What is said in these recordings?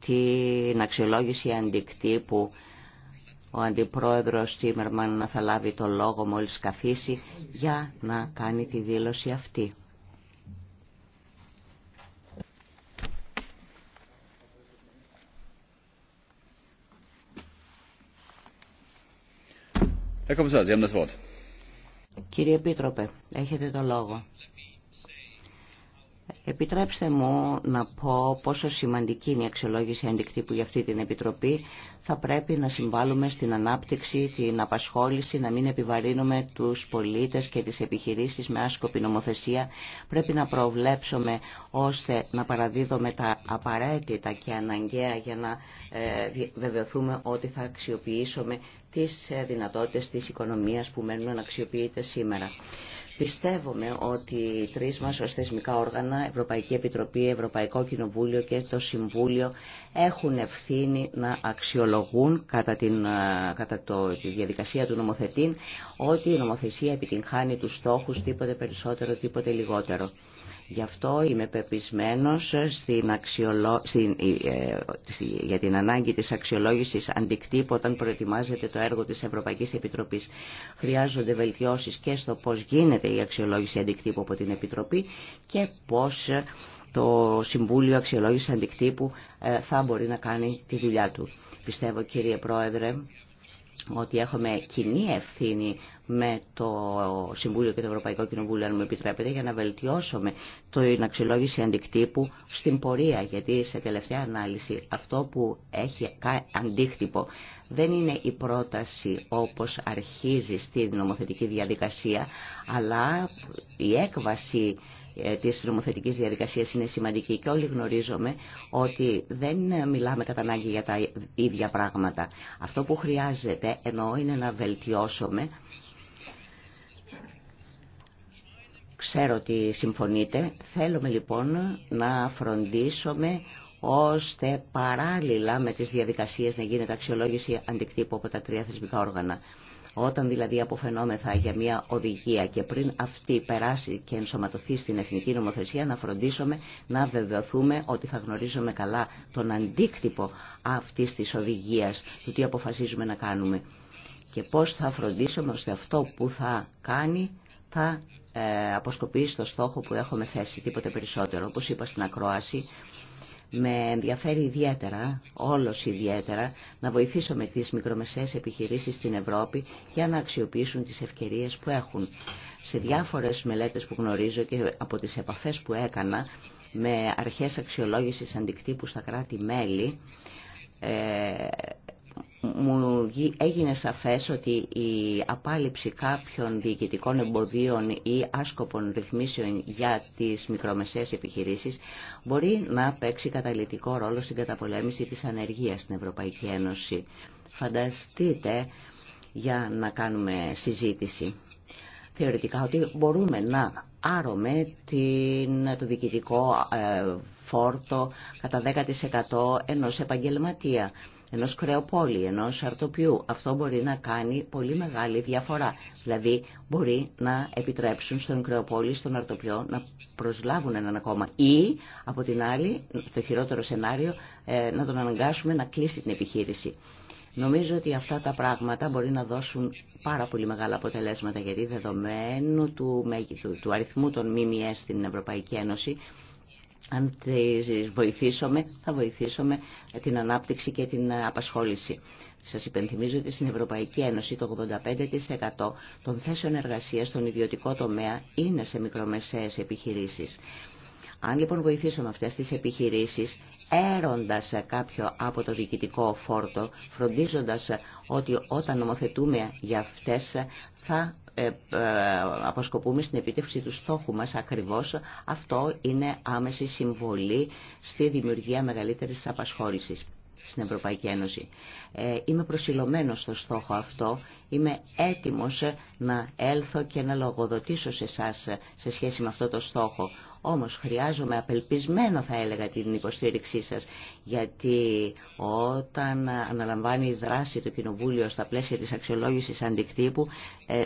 την αξιολόγηση αντικτύπου ο Αντιπρόεδρος Τσίμερμαν να θα λάβει το λόγο μόλις καθίσει για να κάνει τη δήλωση αυτή. Κύριε Επίτροπε, έχετε το λόγο. Επιτρέψτε μου να πω πόσο σημαντική είναι η αξιολόγηση αντικτύπου για αυτή την Επιτροπή. Θα πρέπει να συμβάλλουμε στην ανάπτυξη, την απασχόληση, να μην επιβαρύνουμε τους πολίτες και τις επιχειρήσεις με άσκοπη νομοθεσία. Πρέπει να προβλέψουμε ώστε να παραδίδουμε τα απαραίτητα και αναγκαία για να ε, βεβαιωθούμε ότι θα αξιοποιήσουμε τις ε, δυνατότητες της οικονομίας που μένουν αξιοποιείται σήμερα. Πιστεύουμε ότι οι τρει μα θεσμικά όργανα, Ευρωπαϊκή Επιτροπή, Ευρωπαϊκό Κοινοβούλιο και το Συμβούλιο έχουν ευθύνη να αξιολογούν κατά, την, κατά το, τη διαδικασία του νομοθετή ότι η νομοθεσία επιτυγχάνει του στόχου, τίποτε περισσότερο, τίποτε λιγότερο. Γι' αυτό είμαι πεπισμένος στην αξιολο... Ε, για την ανάγκη της αξιολόγησης αντικτύπου όταν προετοιμάζεται το έργο της Ευρωπαϊκής Επιτροπής. Χρειάζονται βελτιώσεις και στο πώς γίνεται η αξιολόγηση αντικτύπου από την Επιτροπή και πώς το Συμβούλιο Αξιολόγησης Αντικτύπου ε, θα μπορεί να κάνει τη δουλειά του. Πιστεύω κύριε Πρόεδρε ότι έχουμε κοινή ευθύνη με το Συμβούλιο και το Ευρωπαϊκό Κοινοβούλιο, αν μου επιτρέπετε, για να βελτιώσουμε την αξιολόγηση αντικτύπου στην πορεία. Γιατί σε τελευταία ανάλυση αυτό που έχει αντίκτυπο δεν είναι η πρόταση όπως αρχίζει στη νομοθετική διαδικασία, αλλά η έκβαση ε, τη νομοθετική διαδικασία είναι σημαντική και όλοι γνωρίζουμε ότι δεν μιλάμε κατά ανάγκη για τα ίδια πράγματα. Αυτό που χρειάζεται εννοώ είναι να βελτιώσουμε Ξέρω ότι συμφωνείτε. Θέλουμε λοιπόν να φροντίσουμε ώστε παράλληλα με τις διαδικασίες να γίνεται αξιολόγηση αντικτύπου από τα τρία θεσμικά όργανα. Όταν δηλαδή αποφαινόμεθα για μια οδηγία και πριν αυτή περάσει και ενσωματωθεί στην εθνική νομοθεσία να φροντίσουμε να βεβαιωθούμε ότι θα γνωρίζουμε καλά τον αντίκτυπο αυτής της οδηγίας, του τι αποφασίζουμε να κάνουμε και πώς θα φροντίσουμε ώστε αυτό που θα κάνει θα ε, αποσκοπεί στο στόχο που έχουμε θέσει, τίποτε περισσότερο. Όπως είπα στην ακρόαση, με ενδιαφέρει ιδιαίτερα, όλος ιδιαίτερα, να βοηθήσω με τις μικρομεσαίες επιχειρήσεις στην Ευρώπη για να αξιοποιήσουν τις ευκαιρίες που έχουν. Σε διάφορες μελέτες που γνωρίζω και από τις επαφές που έκανα με αρχές αξιολόγησης αντικτύπου στα κράτη-μέλη, ε, μου έγινε σαφές ότι η απάλληψη κάποιων διοικητικών εμποδίων ή άσκοπων ρυθμίσεων για τις μικρομεσαίες επιχειρήσεις μπορεί να παίξει καταλητικό ρόλο στην καταπολέμηση της ανεργίας στην Ευρωπαϊκή Ένωση. Φανταστείτε για να κάνουμε συζήτηση. Θεωρητικά ότι μπορούμε να άρωμε την, το διοικητικό ε, φόρτο κατά 10% ενός επαγγελματία ενός κρεοπόλη, ενός αρτοπιού. Αυτό μπορεί να κάνει πολύ μεγάλη διαφορά. Δηλαδή μπορεί να επιτρέψουν στον κρεοπόλη, στον αρτοπιό να προσλάβουν έναν ακόμα. Ή από την άλλη, το χειρότερο σενάριο, ε, να τον αναγκάσουμε να κλείσει την επιχείρηση. Νομίζω ότι αυτά τα πράγματα μπορεί να δώσουν πάρα πολύ μεγάλα αποτελέσματα γιατί δεδομένου του, του αριθμού των ΜΜΕ στην Ευρωπαϊκή Ένωση αν τις βοηθήσουμε, θα βοηθήσουμε την ανάπτυξη και την απασχόληση. Σας υπενθυμίζω ότι στην Ευρωπαϊκή Ένωση το 85% των θέσεων εργασίας στον ιδιωτικό τομέα είναι σε μικρομεσαίες επιχειρήσεις. Αν λοιπόν βοηθήσουμε αυτές τις επιχειρήσεις, έροντας κάποιο από το διοικητικό φόρτο, φροντίζοντας ότι όταν νομοθετούμε για αυτές θα ε, ε, αποσκοπούμε στην επίτευξη του στόχου μας ακριβώς αυτό είναι άμεση συμβολή στη δημιουργία μεγαλύτερης απασχόλησης στην Ευρωπαϊκή Ένωση. Ε, είμαι προσιλωμένος στο στόχο αυτό, είμαι έτοιμος να έλθω και να λογοδοτήσω σε εσά σε σχέση με αυτό το στόχο. Όμως χρειάζομαι απελπισμένο θα έλεγα την υποστήριξή σας, γιατί όταν αναλαμβάνει η δράση το Κοινοβούλιο στα πλαίσια της αξιολόγησης αντικτύπου, ε, ε,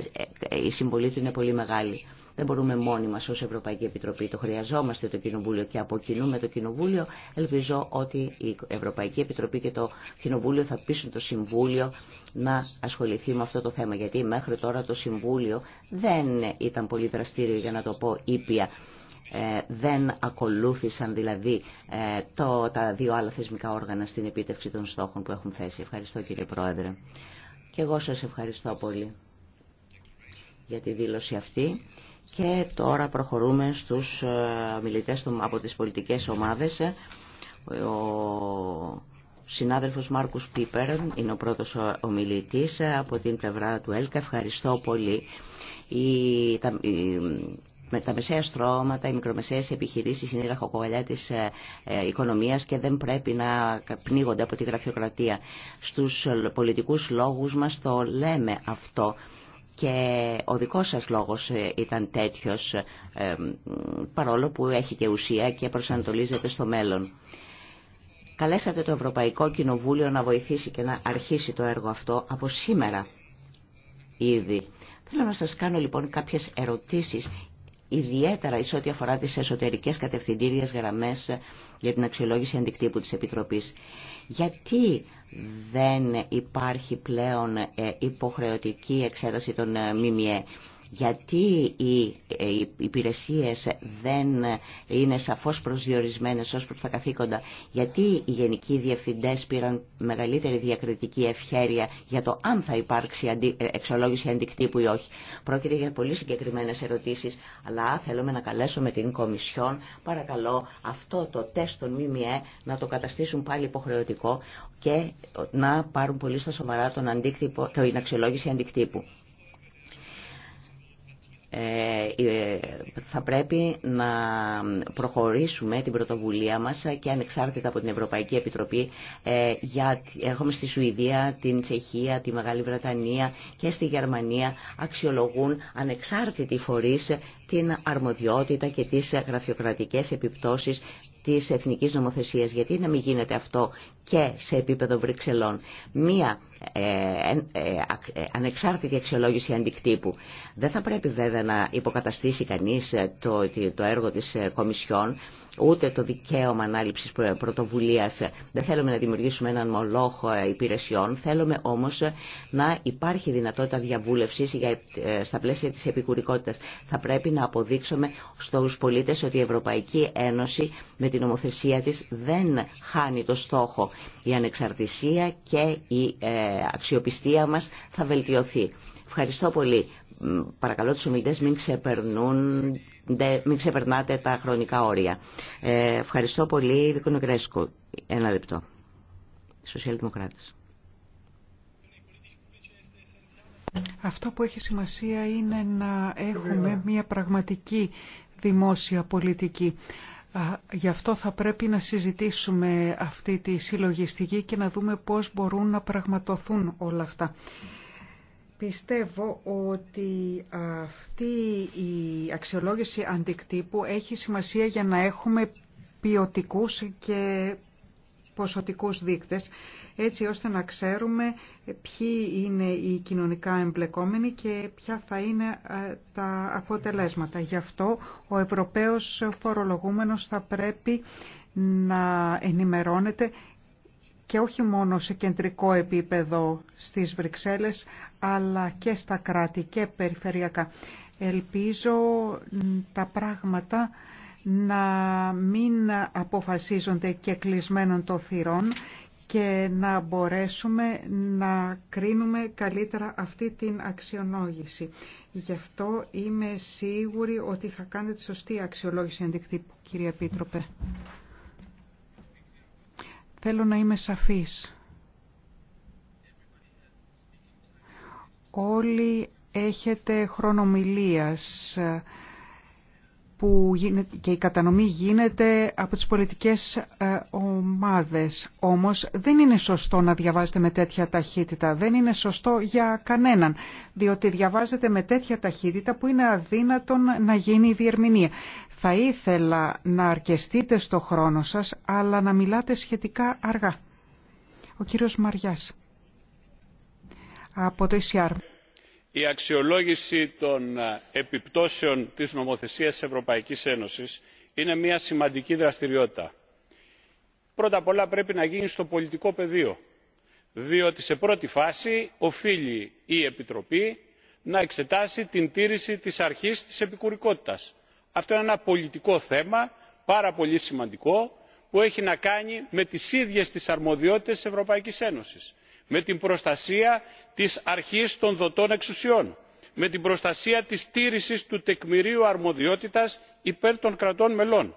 ε, η συμβολή του είναι πολύ μεγάλη. Δεν μπορούμε μόνοι μας ως Ευρωπαϊκή Επιτροπή, το χρειαζόμαστε το Κοινοβούλιο και από το Κοινοβούλιο. Ελπίζω ότι η Ευρωπαϊκή Επιτροπή και το Κοινοβούλιο θα πείσουν το Συμβούλιο να ασχοληθεί με αυτό το θέμα, γιατί μέχρι τώρα το Συμβούλιο δεν ήταν πολύ δραστήριο για να το πω ήπια ε, δεν ακολούθησαν δηλαδή ε, τα δύο άλλα θεσμικά όργανα στην επίτευξη των στόχων που έχουν θέσει. Ευχαριστώ κύριε Πρόεδρε. Και εγώ σας ευχαριστώ πολύ για τη δήλωση αυτή. Και τώρα προχωρούμε στους ε, μιλητές από τις πολιτικές ομάδες. Ο συνάδελφος Μάρκους Πίπερ είναι ο πρώτος ομιλητής από την πλευρά του ΕΛΚΑ. Ευχαριστώ πολύ με τα μεσαία στρώματα, οι μικρομεσαίες επιχειρήσεις είναι η ραχοκοβαλιά της ε, ε, οικονομίας και δεν πρέπει να πνίγονται από τη γραφειοκρατία. Στους πολιτικούς λόγους μας το λέμε αυτό και ο δικός σας λόγος ε, ήταν τέτοιος παρόλο που έχει και ουσία και προσανατολίζεται στο μέλλον. Καλέσατε το Ευρωπαϊκό Κοινοβούλιο να βοηθήσει και να αρχίσει το έργο αυτό από σήμερα ήδη. Θέλω να σας κάνω λοιπόν κάποιες ερωτήσεις ιδιαίτερα εις ό,τι αφορά τις εσωτερικές κατευθυντήριες γραμμές για την αξιολόγηση αντικτύπου της Επιτροπής. Γιατί δεν υπάρχει πλέον ε, υποχρεωτική εξέταση των ε, ΜΜΕ γιατί ε, οι υπηρεσίες δεν είναι σαφώς προσδιορισμένες ως προς τα καθήκοντα, γιατί οι γενικοί διευθυντές πήραν μεγαλύτερη διακριτική ευχέρεια για το αν θα υπάρξει ε, εξολόγηση αντικτύπου ή όχι. Πρόκειται για πολύ συγκεκριμένες ερωτήσεις, αλλά θέλουμε να καλέσουμε την Κομισιόν, παρακαλώ, αυτό το τεστ των ΜΜΕ να το καταστήσουν πάλι υποχρεωτικό και να πάρουν πολύ στα σοβαρά τον αντίκτυπο, την αξιολόγηση αντικτύπου. Ε, ε, θα πρέπει να προχωρήσουμε την πρωτοβουλία μας και ανεξάρτητα από την Ευρωπαϊκή Επιτροπή ε, για, έχουμε στη Σουηδία, την Τσεχία, τη Μεγάλη Βρετανία και στη Γερμανία αξιολογούν ανεξάρτητη φορείς την αρμοδιότητα και τις γραφειοκρατικές επιπτώσεις της εθνικής νομοθεσίας. Γιατί να μην γίνεται αυτό και σε επίπεδο Βρυξελών. Μία ε, ε, ε, ανεξάρτητη αξιολόγηση αντικτύπου. Δεν θα πρέπει βέβαια να υποκαταστήσει κανείς το, το έργο της Κομισιόν ούτε το δικαίωμα ανάληψη πρωτοβουλία. Δεν θέλουμε να δημιουργήσουμε έναν μολόχο υπηρεσιών. Θέλουμε όμω να υπάρχει δυνατότητα διαβούλευση στα πλαίσια τη επικουρικότητα. Θα πρέπει να αποδείξουμε στους πολίτες ότι η Ευρωπαϊκή Ένωση με την ομοθεσία της δεν χάνει το στόχο. Η ανεξαρτησία και η ε, αξιοπιστία μας θα βελτιωθεί. Ευχαριστώ πολύ. Παρακαλώ τους ομιλητές μην, μην ξεπερνάτε τα χρονικά όρια. Ε, ευχαριστώ πολύ, Κρέσκο. Ένα λεπτό. Σοσιαλδημοκράτες. Αυτό που έχει σημασία είναι να έχουμε μια πραγματική δημόσια πολιτική. Γι' αυτό θα πρέπει να συζητήσουμε αυτή τη συλλογιστική και να δούμε πώς μπορούν να πραγματοθούν όλα αυτά. Πιστεύω ότι αυτή η αξιολόγηση αντικτύπου έχει σημασία για να έχουμε ποιοτικούς και ποσοτικούς δείκτες, έτσι ώστε να ξέρουμε ποιοι είναι οι κοινωνικά εμπλεκόμενοι και ποια θα είναι ε, τα αποτελέσματα. Γι' αυτό ο Ευρωπαίος φορολογούμενος θα πρέπει να ενημερώνεται και όχι μόνο σε κεντρικό επίπεδο στις Βρυξέλλες, αλλά και στα κράτη και περιφερειακά. Ελπίζω τα πράγματα να μην αποφασίζονται και κλεισμένων των θυρών και να μπορέσουμε να κρίνουμε καλύτερα αυτή την αξιολόγηση. Γι' αυτό είμαι σίγουρη ότι θα κάνετε τη σωστή αξιολόγηση αντικτύπου, κυρία Επίτροπε. Θέλω να είμαι σαφής. Όλοι έχετε χρονομιλίας που και η κατανομή γίνεται από τις πολιτικές ε, ομάδες. Όμως δεν είναι σωστό να διαβάζετε με τέτοια ταχύτητα. Δεν είναι σωστό για κανέναν, διότι διαβάζετε με τέτοια ταχύτητα που είναι αδύνατον να γίνει η διερμηνία. Θα ήθελα να αρκεστείτε στο χρόνο σας, αλλά να μιλάτε σχετικά αργά. Ο κύριος Μαριάς από το ECR η αξιολόγηση των ε, επιπτώσεων της νομοθεσίας της ευρωπαϊκής ένωσης είναι μια σημαντική δραστηριότητα. πρώτα απ' όλα πρέπει να γίνει στο πολιτικό πεδίο διότι σε πρώτη φάση οφείλει η επιτροπή να εξετάσει την τήρηση της αρχής της επικουρικότητας. αυτό είναι ένα πολιτικό θέμα πάρα πολύ σημαντικό που έχει να κάνει με τις ίδιες τις αρμοδιότητες της ευρωπαϊκής ένωσης με την προστασία της αρχής των δωτών εξουσιών με την προστασία της τήρησης του τεκμηρίου αρμοδιότητας υπέρ των κρατών μελών.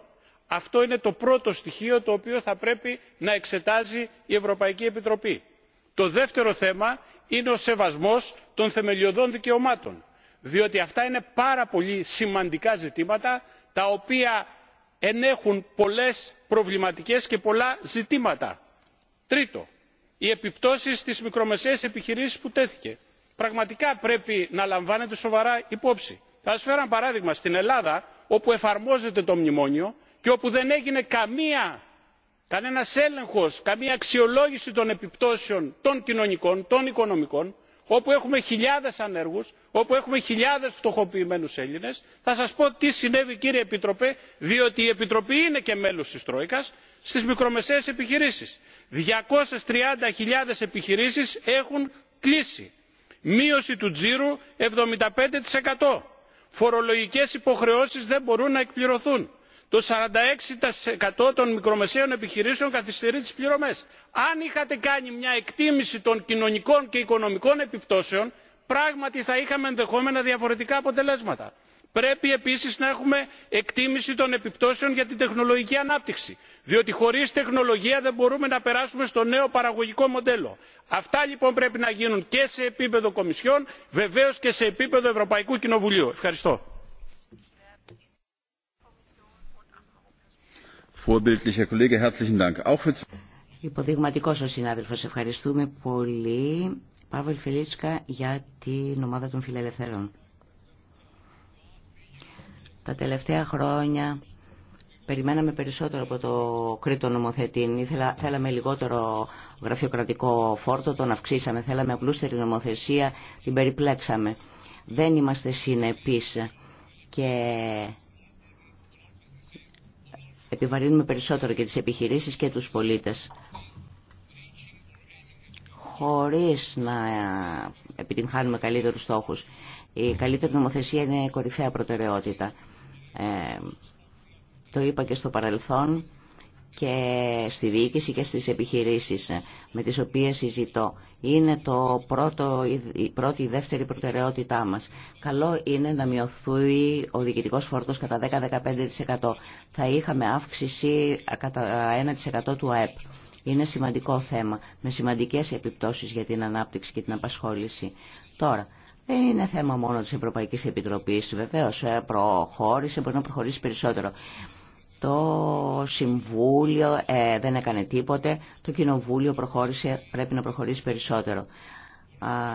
αυτό είναι το πρώτο στοιχείο το οποίο θα πρέπει να εξετάζει η ευρωπαϊκή επιτροπή. το δεύτερο θέμα είναι ο σεβασμός των θεμελιωδών δικαιωμάτων διότι αυτά είναι πάρα πολύ σημαντικά ζητήματα τα οποία ενέχουν πολλές προβληματικές και πολλά ζητήματα. τρίτο οι επιπτώσεις στις μικρομεσαίες επιχειρήσεις που τέθηκε. πραγματικά πρέπει να λαμβάνεται σοβαρά υπόψη. θα σας φέρω ένα παράδειγμα στην ελλάδα όπου εφαρμόζεται το μνημόνιο και όπου δεν έγινε καμία, κανένας έλεγχος καμία αξιολόγηση των επιπτώσεων των κοινωνικών των οικονομικών όπου έχουμε χιλιάδες ανέργους όπου έχουμε χιλιάδες φτωχοποιημένους έλληνες θα σας πω τι συνέβη κύριε επιτροπέ διότι η επιτροπή είναι και μέλος της τρόικας στις μικρομεσαίες επιχειρήσεις. 230.000 επιχειρήσεις έχουν κλείσει. Μείωση του τζίρου 75%. Φορολογικές υποχρεώσεις δεν μπορούν να εκπληρωθούν το 46% των μικρομεσαίων επιχειρήσεων καθυστερεί τις πληρωμές. Αν είχατε κάνει μια εκτίμηση των κοινωνικών και οικονομικών επιπτώσεων, πράγματι θα είχαμε ενδεχόμενα διαφορετικά αποτελέσματα. Πρέπει επίσης να έχουμε εκτίμηση των επιπτώσεων για την τεχνολογική ανάπτυξη, διότι χωρίς τεχνολογία δεν μπορούμε να περάσουμε στο νέο παραγωγικό μοντέλο. Αυτά λοιπόν πρέπει να γίνουν και σε επίπεδο Κομισιόν, βεβαίως και σε επίπεδο Ευρωπαϊκού Κοινοβουλίου. Ευχαριστώ. Υποδειγματικό ο συνάδελφο. Ευχαριστούμε πολύ, Παύλ Φελίτσκα, για την ομάδα των φιλελευθερών. Τα τελευταία χρόνια περιμέναμε περισσότερο από το Κρήτο νομοθετή. θέλαμε λιγότερο γραφειοκρατικό φόρτο, τον αυξήσαμε. Θέλαμε απλούστερη νομοθεσία, την περιπλέξαμε. Δεν είμαστε συνεπείς και επιβαρύνουμε περισσότερο και τις επιχειρήσεις και τους πολίτες χωρίς να επιτυγχάνουμε καλύτερους στόχους. Η καλύτερη νομοθεσία είναι κορυφαία προτεραιότητα. Ε, το είπα και στο παρελθόν, και στη διοίκηση και στις επιχειρήσεις με τις οποίες συζητώ. Είναι το πρώτο, η πρώτη ή δεύτερη προτεραιότητά μας. Καλό είναι να μειωθεί ο διοικητικός φόρτος κατά 10-15%. Θα είχαμε αύξηση κατά 1% του ΑΕΠ. Είναι σημαντικό θέμα, με σημαντικές επιπτώσεις για την ανάπτυξη και την απασχόληση. Τώρα, δεν είναι θέμα μόνο της Ευρωπαϊκής Επιτροπής, βεβαίως ε, προχώρησε, μπορεί να προχωρήσει περισσότερο. Το Συμβούλιο ε, δεν έκανε τίποτε. Το Κοινοβούλιο πρέπει να προχωρήσει περισσότερο.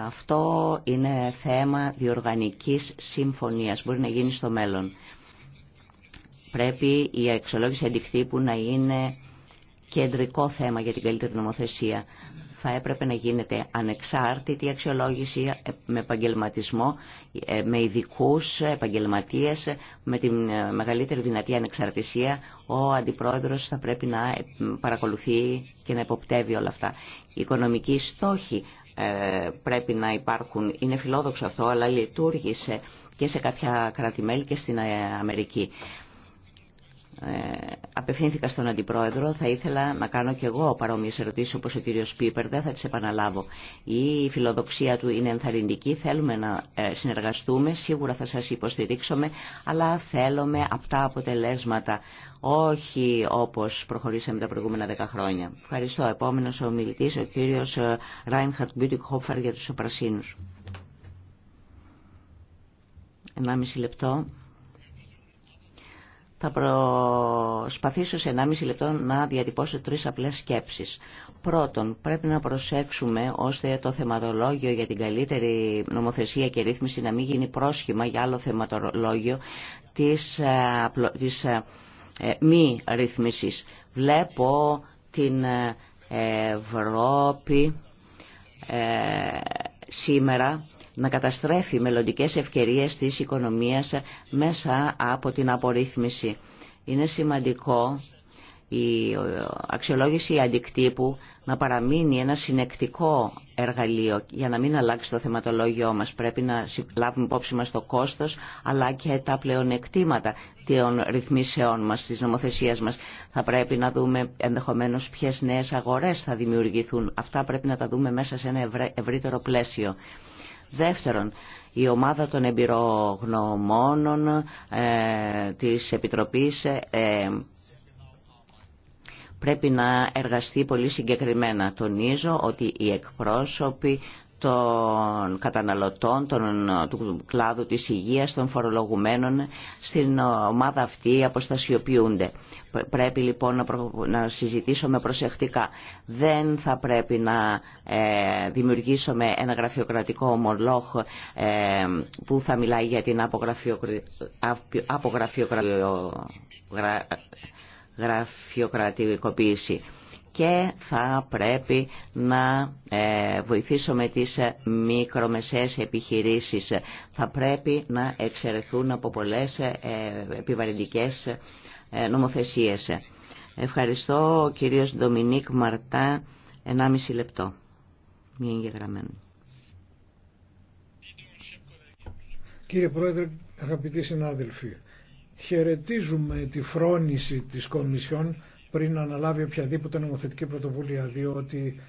Αυτό είναι θέμα διοργανικής συμφωνίας. Μπορεί να γίνει στο μέλλον. Πρέπει η αξιολόγηση αντικτύπου να είναι κεντρικό θέμα για την καλύτερη νομοθεσία θα έπρεπε να γίνεται ανεξάρτητη αξιολόγηση με επαγγελματισμό, ε, με ειδικού επαγγελματίες, με τη ε, μεγαλύτερη δυνατή ανεξαρτησία. Ο Αντιπρόεδρος θα πρέπει να ε, παρακολουθεί και να εποπτεύει όλα αυτά. Οι οικονομικοί στόχοι πρέπει να υπάρχουν. Είναι φιλόδοξο αυτό, αλλά λειτουργήσε και σε κάποια κράτη-μέλη και στην Αμερική. Ε, απευθύνθηκα στον Αντιπρόεδρο, θα ήθελα να κάνω κι εγώ παρόμοιε ερωτήσει όπω ο κύριο Πίπερ, δεν θα τι επαναλάβω. Η φιλοδοξία του είναι ενθαρρυντική, θέλουμε να ε, συνεργαστούμε, σίγουρα θα σα υποστηρίξουμε, αλλά θέλουμε αυτά αποτελέσματα, όχι όπω προχωρήσαμε τα προηγούμενα δέκα χρόνια. Ευχαριστώ. Επόμενο ο μιλητής, ο κύριο Ράινχαρτ Μπιούτικ για του Πρασίνους. 1,5 λεπτό. Θα προσπαθήσω σε 1,5 λεπτό να διατυπώσω τρεις απλές σκέψεις. Πρώτον, πρέπει να προσέξουμε ώστε το θεματολόγιο για την καλύτερη νομοθεσία και ρύθμιση να μην γίνει πρόσχημα για άλλο θεματολόγιο της, ε, της ε, ε, μη ρύθμισης. Βλέπω την Ευρώπη σήμερα να καταστρέφει μελλοντικές ευκαιρίες της οικονομίας μέσα από την απορρίθμιση. Είναι σημαντικό η αξιολόγηση αντικτύπου να παραμείνει ένα συνεκτικό εργαλείο για να μην αλλάξει το θεματολόγιο μας. Πρέπει να λάβουμε υπόψη μας το κόστος αλλά και τα πλεονεκτήματα των ρυθμίσεών μας, της νομοθεσίας μας. Θα πρέπει να δούμε ενδεχομένως ποιες νέες αγορές θα δημιουργηθούν. Αυτά πρέπει να τα δούμε μέσα σε ένα ευρύτερο πλαίσιο. Δεύτερον, η ομάδα των εμπειρογνωμόνων ε, της Επιτροπής ε, πρέπει να εργαστεί πολύ συγκεκριμένα. Τονίζω ότι οι εκπρόσωποι των καταναλωτών, των, του κλάδου της υγείας, των φορολογουμένων στην ομάδα αυτή αποστασιοποιούνται. Πρέπει λοιπόν να, συζητήσουμε προσεκτικά. Δεν θα πρέπει να ε, δημιουργήσουμε ένα γραφειοκρατικό ομολόχ ε, που θα μιλάει για την απογραφειοκρατικοποίηση και θα πρέπει να ε, βοηθήσουμε τις ε, μικρομεσαίες επιχειρήσεις. Θα πρέπει να εξαιρεθούν από πολλές ε, επιβαρυντικές νομοθεσίες. Ευχαριστώ ο κύριος Ντομινίκ Μαρτά, 1,5 λεπτό. Μια εγγεγραμμένη. Κύριε Πρόεδρε, αγαπητοί συνάδελφοι, χαιρετίζουμε τη φρόνηση της Κομισιόν πριν αναλάβει οποιαδήποτε νομοθετική πρωτοβουλία διότι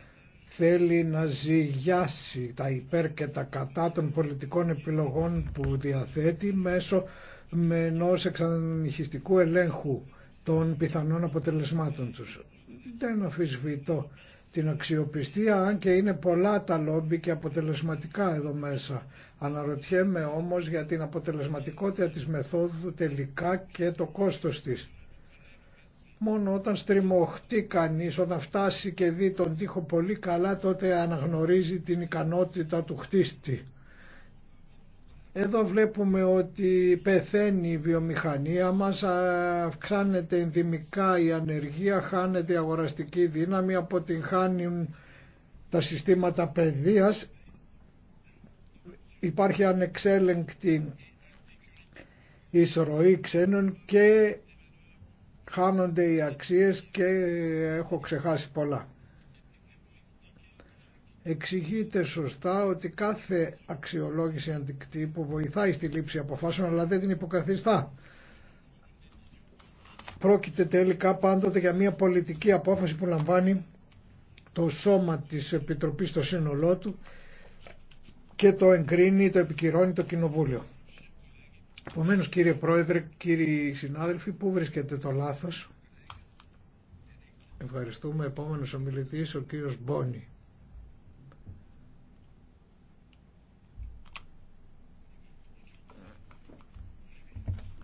θέλει να ζυγιάσει τα υπέρ και τα κατά των πολιτικών επιλογών που διαθέτει μέσω με ενό εξανυχιστικού ελέγχου των πιθανών αποτελεσμάτων τους. Δεν αφισβητώ την αξιοπιστία, αν και είναι πολλά τα λόμπι και αποτελεσματικά εδώ μέσα. Αναρωτιέμαι όμως για την αποτελεσματικότητα της μεθόδου τελικά και το κόστος της. Μόνο όταν στριμωχτεί κανείς, όταν φτάσει και δει τον τοίχο πολύ καλά, τότε αναγνωρίζει την ικανότητα του χτίστη. Εδώ βλέπουμε ότι πεθαίνει η βιομηχανία μας, αυξάνεται ενδυμικά η ανεργία, χάνεται η αγοραστική δύναμη, αποτυγχάνουν τα συστήματα παιδείας, υπάρχει ανεξέλεγκτη εισρωή ξένων και χάνονται οι αξίες και έχω ξεχάσει πολλά. Εξηγείται σωστά ότι κάθε αξιολόγηση που βοηθάει στη λήψη αποφάσεων αλλά δεν την υποκαθιστά. Πρόκειται τελικά πάντοτε για μια πολιτική απόφαση που λαμβάνει το σώμα της Επιτροπής στο σύνολό του και το εγκρίνει, το επικυρώνει το Κοινοβούλιο. Επομένω, κύριε Πρόεδρε, κύριοι συνάδελφοι, πού βρίσκεται το λάθος. Ευχαριστούμε. Επόμενος ομιλητής, ο κύριος Μπόνι.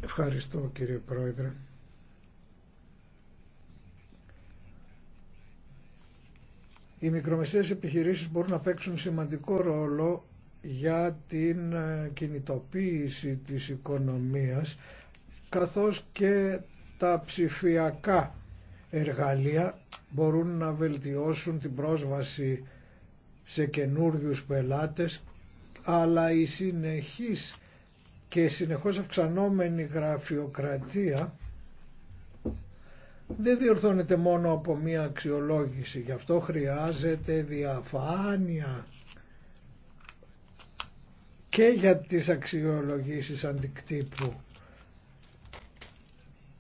Ευχαριστώ κύριε Πρόεδρε. Οι μικρομεσαίες επιχειρήσεις μπορούν να παίξουν σημαντικό ρόλο για την ε, κινητοποίηση της οικονομίας καθώς και τα ψηφιακά εργαλεία μπορούν να βελτιώσουν την πρόσβαση σε καινούριους πελάτες αλλά η συνεχής και συνεχώς αυξανόμενη γραφειοκρατία δεν διορθώνεται μόνο από μία αξιολόγηση. Γι' αυτό χρειάζεται διαφάνεια και για τις αξιολογήσεις αντικτύπου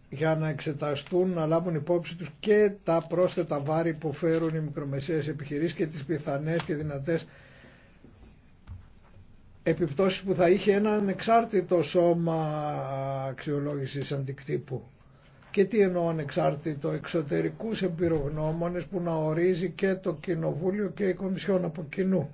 για να εξεταστούν, να λάβουν υπόψη τους και τα πρόσθετα βάρη που φέρουν οι μικρομεσαίες επιχειρήσεις και τις πιθανές και δυνατές επιπτώσεις που θα είχε ένα ανεξάρτητο σώμα αξιολόγησης αντικτύπου. Και τι εννοώ ανεξάρτητο, εξωτερικούς εμπειρογνώμονες που να ορίζει και το Κοινοβούλιο και η Κομισιόν από κοινού.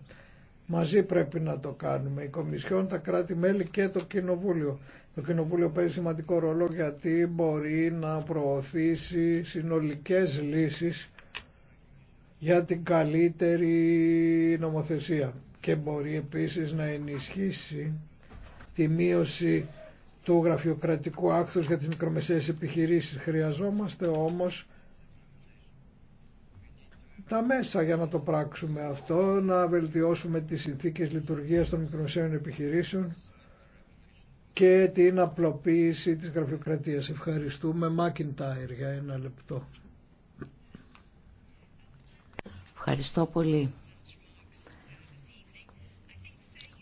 Μαζί πρέπει να το κάνουμε. Η Κομισιόν, τα κράτη-μέλη και το Κοινοβούλιο. Το Κοινοβούλιο παίζει σημαντικό ρόλο γιατί μπορεί να προωθήσει συνολικές λύσεις για την καλύτερη νομοθεσία και μπορεί επίσης να ενισχύσει τη μείωση του γραφειοκρατικού άκθους για τις μικρομεσαίες επιχειρήσεις. Χρειαζόμαστε όμως τα μέσα για να το πράξουμε αυτό, να βελτιώσουμε τις συνθήκες λειτουργίας των μικρομεσαίων επιχειρήσεων και την απλοποίηση της γραφειοκρατίας. Ευχαριστούμε Μάκιντάιρ για ένα λεπτό. Ευχαριστώ πολύ.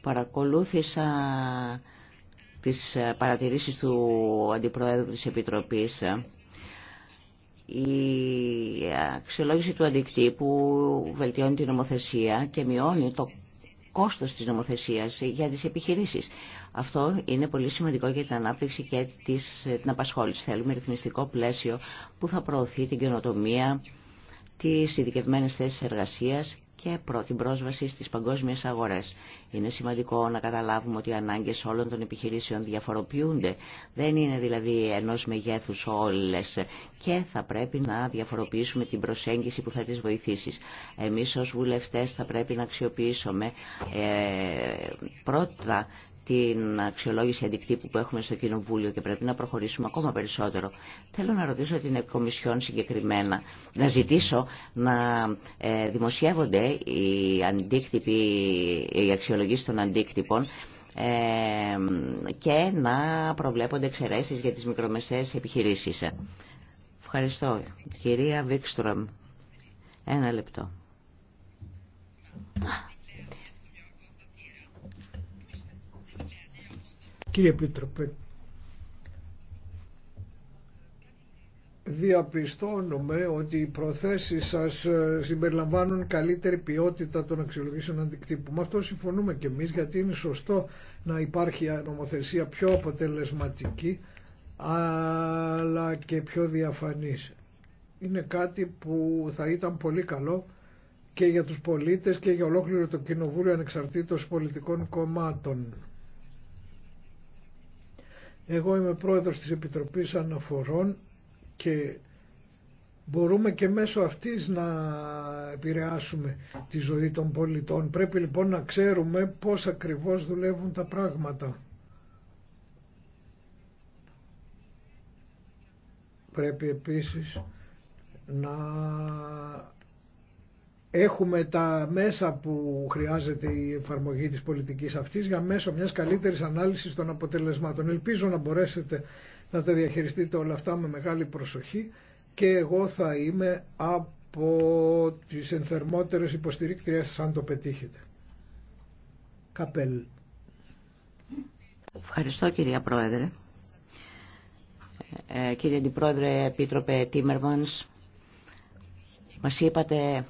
Παρακολούθησα τις παρατηρήσεις του Αντιπροέδρου της Επιτροπής η αξιολόγηση του αντικτύπου βελτιώνει την νομοθεσία και μειώνει το κόστος της νομοθεσίας για τις επιχειρήσεις. Αυτό είναι πολύ σημαντικό για την ανάπτυξη και την απασχόληση. Θέλουμε ρυθμιστικό πλαίσιο που θα προωθεί την καινοτομία, τις ειδικευμένες θέσεις εργασίας και πρώτη πρόσβαση στις παγκόσμιες αγορές. Είναι σημαντικό να καταλάβουμε ότι οι ανάγκες όλων των επιχειρήσεων διαφοροποιούνται. Δεν είναι δηλαδή ενός μεγέθους όλες και θα πρέπει να διαφοροποιήσουμε την προσέγγιση που θα τις βοηθήσει. Εμείς ως βουλευτές θα πρέπει να αξιοποιήσουμε ε, πρώτα την αξιολόγηση αντικτύπου που έχουμε στο Κοινοβούλιο και πρέπει να προχωρήσουμε ακόμα περισσότερο. Θέλω να ρωτήσω την Επικομισιόν συγκεκριμένα, να ζητήσω να ε, δημοσιεύονται οι, αντίκτυποι, οι αξιολογήσεις των αντίκτυπων ε, και να προβλέπονται εξαιρέσει για τις μικρομεσαίες επιχειρήσεις. Ευχαριστώ. Κυρία Βίξτρομ, ένα λεπτό. Κύριε Επίτροπε, διαπιστώνουμε ότι οι προθέσεις σας ε, συμπεριλαμβάνουν καλύτερη ποιότητα των αξιολογήσεων αντικτύπου. Με αυτό συμφωνούμε και εμείς γιατί είναι σωστό να υπάρχει νομοθεσία πιο αποτελεσματική αλλά και πιο διαφανής. Είναι κάτι που θα ήταν πολύ καλό και για τους πολίτες και για ολόκληρο το Κοινοβούλιο ανεξαρτήτως πολιτικών κομμάτων. Εγώ είμαι πρόεδρος της Επιτροπής Αναφορών και μπορούμε και μέσω αυτής να επηρεάσουμε τη ζωή των πολιτών. Πρέπει λοιπόν να ξέρουμε πώς ακριβώς δουλεύουν τα πράγματα. Πρέπει επίσης να έχουμε τα μέσα που χρειάζεται η εφαρμογή της πολιτικής αυτής για μέσω μιας καλύτερης ανάλυσης των αποτελεσμάτων. Ελπίζω να μπορέσετε να τα διαχειριστείτε όλα αυτά με μεγάλη προσοχή και εγώ θα είμαι από τις ενθερμότερες υποστηρίκτριές σας αν το πετύχετε. Καπέλ. Ευχαριστώ κυρία Πρόεδρε. Ε, κύριε Αντιπρόεδρε, Επίτροπε Τίμερμανς, μας είπατε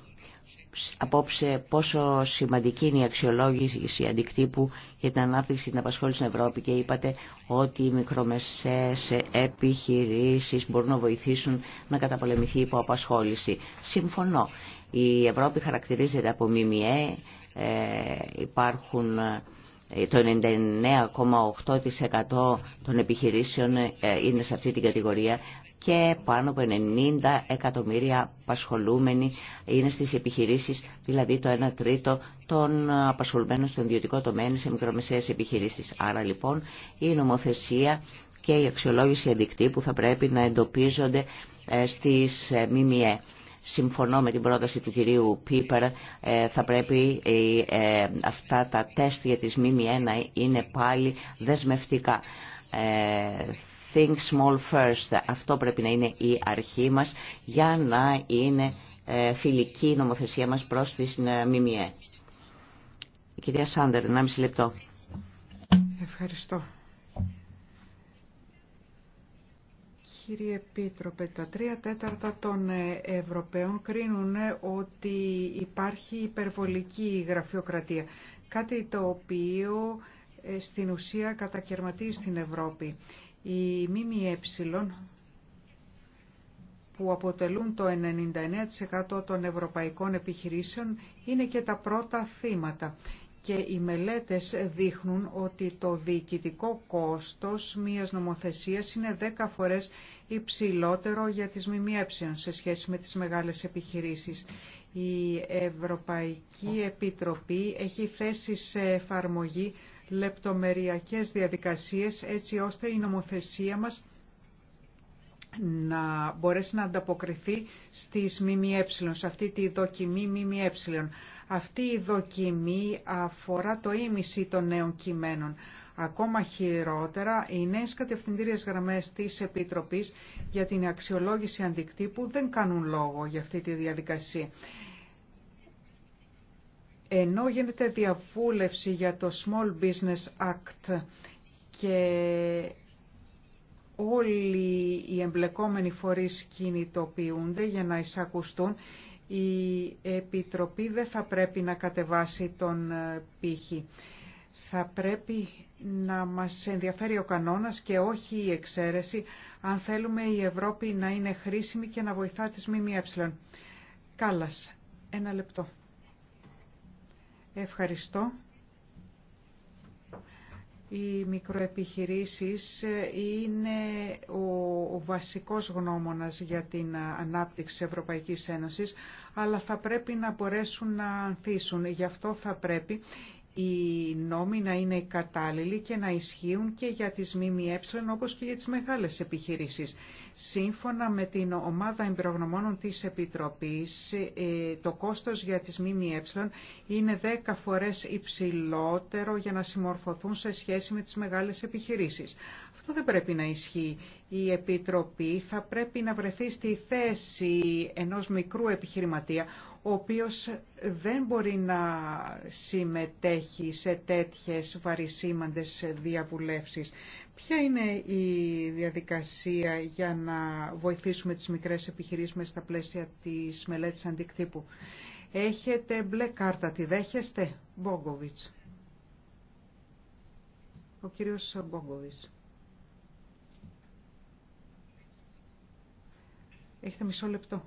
απόψε πόσο σημαντική είναι η αξιολόγηση αντικτύπου για την ανάπτυξη την απασχόληση στην Ευρώπη και είπατε ότι οι μικρομεσαίες επιχειρήσεις μπορούν να βοηθήσουν να καταπολεμηθεί η απασχόληση. Συμφωνώ. Η Ευρώπη χαρακτηρίζεται από ΜΜΕ, ε, υπάρχουν ε, το 99,8% των επιχειρήσεων ε, είναι σε αυτή την κατηγορία και πάνω από 90 εκατομμύρια απασχολούμενοι είναι στις επιχειρήσεις, δηλαδή το 1 τρίτο των απασχολουμένων στον ιδιωτικό τομέα είναι σε μικρομεσαίες επιχειρήσεις. Άρα λοιπόν η νομοθεσία και η αξιολόγηση που θα πρέπει να εντοπίζονται ε, στις ε, ΜΜΕ. Συμφωνώ με την πρόταση του κυρίου Πίπερ, ε, θα πρέπει αυτά τα τεστ για τις ΜΜΕ να είναι πάλι δεσμευτικά. Think small first. Αυτό πρέπει να είναι η αρχή μας για να είναι ε, φιλική η νομοθεσία μας προς τις ε, ΜΜΕ. Η κυρία Σάντερ, 1,5 λεπτό. Ευχαριστώ. Κύριε Επίτροπε, τα τρία τέταρτα των ε, Ευρωπαίων κρίνουν ότι υπάρχει υπερβολική γραφειοκρατία. Κάτι το οποίο στην ουσία κατακαιρματίζει στην Ευρώπη. Οι ΜΜΕ που αποτελούν το 99% των ευρωπαϊκών επιχειρήσεων είναι και τα πρώτα θύματα και οι μελέτες δείχνουν ότι το διοικητικό κόστος μιας νομοθεσίας είναι 10 φορές υψηλότερο για τις ΜΜΕ σε σχέση με τις μεγάλες επιχειρήσεις. Η Ευρωπαϊκή Επιτροπή έχει θέσει σε εφαρμογή λεπτομεριακές διαδικασίες έτσι ώστε η νομοθεσία μας να μπορέσει να ανταποκριθεί στις ΜΜΕ, σε αυτή τη δοκιμή ΜΜΕ. Αυτή η δοκιμή αφορά το ίμιση των νέων κειμένων. Ακόμα χειρότερα, οι νέε κατευθυντήριε γραμμέ τη Επιτροπή για την αξιολόγηση αντικτύπου δεν κάνουν λόγο για αυτή τη διαδικασία. Ενώ γίνεται διαβούλευση για το Small Business Act και όλοι οι εμπλεκόμενοι φορείς κινητοποιούνται για να εισακουστούν, η Επιτροπή δεν θα πρέπει να κατεβάσει τον ε, πύχη. Θα πρέπει να μας ενδιαφέρει ο κανόνας και όχι η εξαίρεση, αν θέλουμε η Ευρώπη να είναι χρήσιμη και να βοηθά τις ΜΜΕ. Κάλλας, ένα λεπτό. Ευχαριστώ. Οι μικροεπιχειρήσεις είναι ο βασικός γνώμονας για την ανάπτυξη Ευρωπαϊκής Ένωσης, αλλά θα πρέπει να μπορέσουν να ανθίσουν. Γι' αυτό θα πρέπει οι νόμοι να είναι κατάλληλοι και να ισχύουν και για τις ΜΜΕ όπως και για τις μεγάλες επιχειρήσεις. Σύμφωνα με την ομάδα εμπειρογνωμόνων της Επιτροπής, ε, το κόστος για τις ΜΜΕ είναι 10 φορές υψηλότερο για να συμμορφωθούν σε σχέση με τις μεγάλες επιχειρήσεις. Αυτό δεν πρέπει να ισχύει. Η Επιτροπή θα πρέπει να βρεθεί στη θέση ενός μικρού επιχειρηματία, ο οποίος δεν μπορεί να συμμετέχει σε τέτοιες βαρισίμαντες διαβουλεύσεις. Ποια είναι η διαδικασία για να βοηθήσουμε τις μικρές επιχειρήσεις στα πλαίσια της μελέτης αντικτύπου. Έχετε μπλε κάρτα, τη δέχεστε, Μπόγκοβιτς. Ο κύριος Μπόγκοβιτς. Έχετε μισό λεπτό.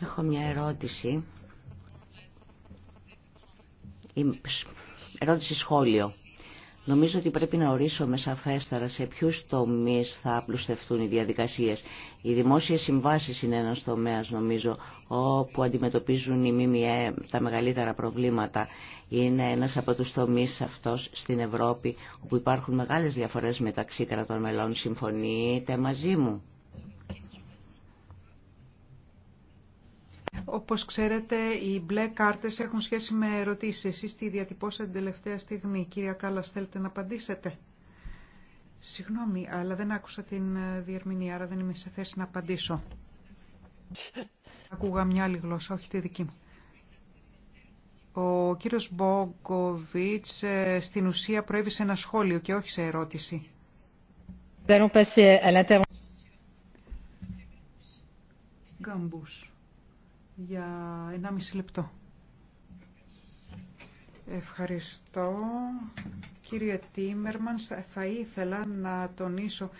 Έχω μια ερώτηση. Ερώτηση σχόλιο. Νομίζω ότι πρέπει να ορίσουμε σαφέστερα σε ποιους τομείς θα απλουστευτούν οι διαδικασίες. Οι δημόσιες συμβάσεις είναι ένας τομέας νομίζω όπου αντιμετωπίζουν οι ΜΜΕ τα μεγαλύτερα προβλήματα. Είναι ένας από τους τομείς αυτός στην Ευρώπη όπου υπάρχουν μεγάλες διαφορές μεταξύ κρατών μελών. Συμφωνείτε μαζί μου. Όπως ξέρετε, οι μπλε κάρτες έχουν σχέση με ερωτήσεις. Εσείς τη διατυπώσατε την τελευταία στιγμή. Κυρία Κάλλας, θέλετε να απαντήσετε. Συγγνώμη, αλλά δεν άκουσα την διερμηνία, άρα δεν είμαι σε θέση να απαντήσω. Ακούγα μια άλλη γλώσσα, όχι τη δική μου. Ο κύριος Μπόγκοβιτς ε, στην ουσία προέβησε ένα σχόλιο και όχι σε ερώτηση. Γκάμπους, για μισή λεπτό. Ευχαριστώ. Κύριε Τίμερμαν, θα ήθελα να τονίσω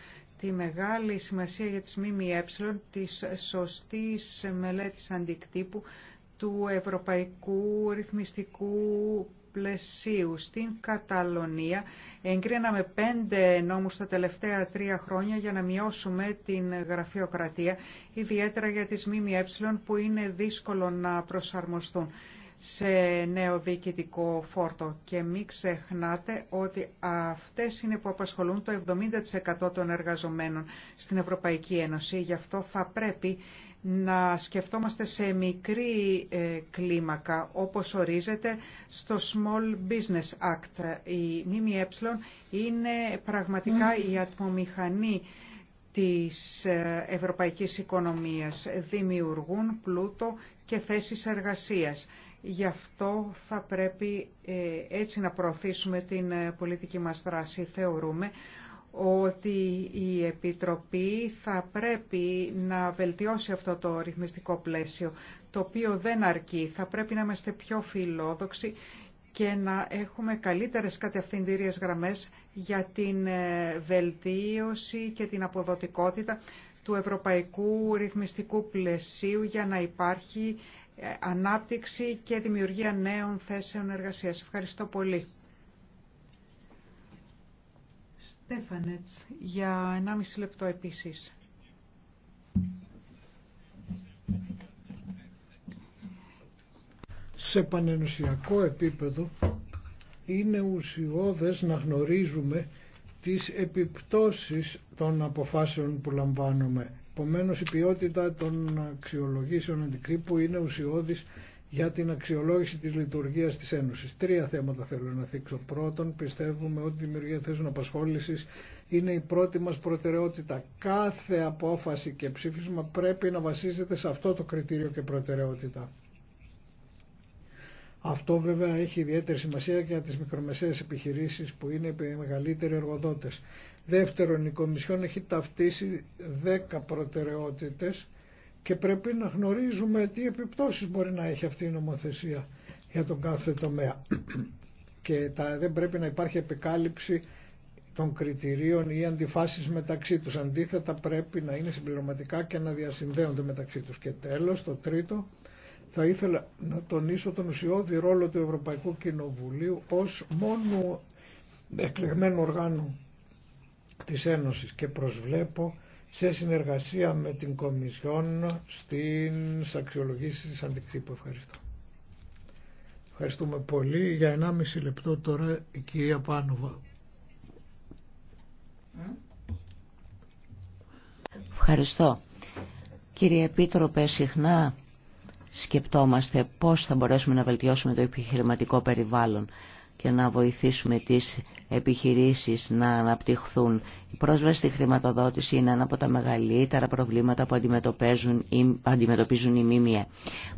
τη μεγάλη σημασία για τις ΜΜΕ της σωστής μελέτης αντικτύπου του Ευρωπαϊκού Ρυθμιστικού Πλαισίου. Στην Καταλωνία εγκρίναμε πέντε νόμους τα τελευταία τρία χρόνια για να μειώσουμε την γραφειοκρατία, ιδιαίτερα για τις ΜΜΕ που είναι δύσκολο να προσαρμοστούν σε νέο διοικητικό φόρτο. Και μην ξεχνάτε ότι αυτές είναι που απασχολούν το 70% των εργαζομένων στην Ευρωπαϊκή Ένωση. Γι' αυτό θα πρέπει να σκεφτόμαστε σε μικρή ε, κλίμακα, όπως ορίζεται στο Small Business Act. Η ΜΜΕ είναι πραγματικά η ατμομηχανή της ε, ευρωπαϊκής οικονομίας. Δημιουργούν πλούτο και θέσεις εργασίας. Γι' αυτό θα πρέπει ε, έτσι να προωθήσουμε την ε, πολιτική μας δράση. Θεωρούμε ότι η Επιτροπή θα πρέπει να βελτιώσει αυτό το ρυθμιστικό πλαίσιο, το οποίο δεν αρκεί. Θα πρέπει να είμαστε πιο φιλόδοξοι και να έχουμε καλύτερες κατευθυντήριες γραμμές για την ε, βελτίωση και την αποδοτικότητα του ευρωπαϊκού ρυθμιστικού πλαισίου για να υπάρχει ε, ανάπτυξη και δημιουργία νέων θέσεων εργασίας. Ευχαριστώ πολύ. Στέφανετς, για 1,5 λεπτό επίσης. Σε πανενουσιακό επίπεδο είναι ουσιώδες να γνωρίζουμε τις επιπτώσεις των αποφάσεων που λαμβάνουμε Επομένως η ποιότητα των αξιολογήσεων αντικρύπου είναι ουσιώδης για την αξιολόγηση της λειτουργίας της Ένωσης. Τρία θέματα θέλω να θίξω. Πρώτον, πιστεύουμε ότι η δημιουργία θέσεων απασχόλησης είναι η πρώτη μας προτεραιότητα. Κάθε απόφαση και ψήφισμα πρέπει να βασίζεται σε αυτό το κριτήριο και προτεραιότητα. Αυτό βέβαια έχει ιδιαίτερη σημασία για τις μικρομεσαίες επιχειρήσεις που είναι οι μεγαλύτεροι εργοδότες. Δεύτερον, η Κομισιόν έχει ταυτίσει 10 προτεραιότητες και πρέπει να γνωρίζουμε τι επιπτώσεις μπορεί να έχει αυτή η νομοθεσία για τον κάθε τομέα. Και τα, δεν πρέπει να υπάρχει επικάλυψη των κριτηρίων ή αντιφάσεις μεταξύ τους. Αντίθετα πρέπει να είναι συμπληρωματικά και να διασυνδέονται μεταξύ τους. Και τέλος, το τρίτο, θα ήθελα να τονίσω τον ουσιώδη ρόλο του Ευρωπαϊκού Κοινοβουλίου ως μόνο εκλεγμένο οργάνου της Ένωσης και προσβλέπω σε συνεργασία με την Κομισιόν στην αξιολογήσει της αντικτύπου. Ευχαριστώ. Ευχαριστούμε πολύ. Για 1,5 λεπτό τώρα η κυρία Πάνοβα. Ευχαριστώ. Κύριε Επίτροπε, συχνά σκεπτόμαστε πώς θα μπορέσουμε να βελτιώσουμε το επιχειρηματικό περιβάλλον και να βοηθήσουμε τις επιχειρήσεις να αναπτυχθούν. Η πρόσβαση στη χρηματοδότηση είναι ένα από τα μεγαλύτερα προβλήματα που αντιμετωπίζουν οι, αντιμετωπίζουν ΜΜΕ.